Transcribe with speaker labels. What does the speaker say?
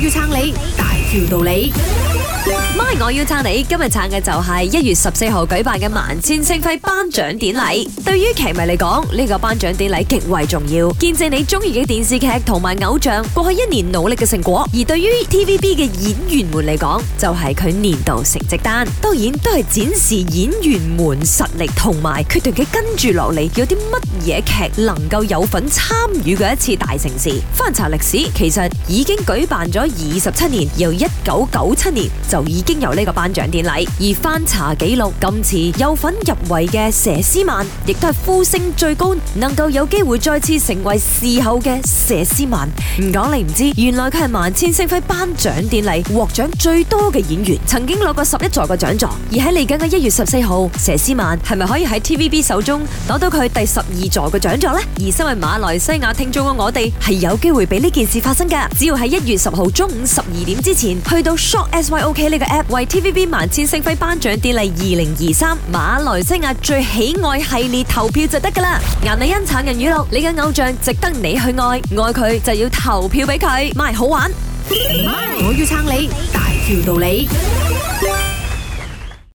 Speaker 1: 要撐你大條道理，媽！我要撐你。今日撐嘅就係一月十四號舉辦嘅萬千星輝頒獎典禮。對於劇迷嚟講，呢個頒獎典禮極為重要，見證你中意嘅電視劇同埋偶像過去一年努力嘅成果。而對於 TVB 嘅演員們嚟講，就係佢年度成績單。當然都係展示演員們實力同埋決定佢跟住落嚟，有啲乜嘢劇能夠有份參與嘅一次大盛事。翻查歷史，其實已經舉辦咗。二十七年由一九九七年就已經有呢個頒獎典禮，而翻查記錄，今次有份入圍嘅佘詩曼，亦都係呼聲最高，能夠有機會再次成為視后嘅佘詩曼。唔講你唔知，原來佢係萬千星輝頒獎典禮獲獎最多嘅演員，曾經攞過十一座嘅獎座。而喺嚟緊嘅一月十四號，佘詩曼係咪可以喺 TVB 手中攞到佢第十二座嘅獎座呢？而身為馬來西亞聽眾嘅我哋，係有機會俾呢件事發生㗎，只要喺一月十號。中午十二點之前，去到 Shop Syok 呢個 app 為 TVB 萬千星輝頒獎典禮二零二三馬來西亞最喜愛系列投票就得㗎啦！顏麗欣、陳人娛樂，你嘅偶像值得你去愛，愛佢就要投票俾佢，咪好玩！我要撐你，大條道理。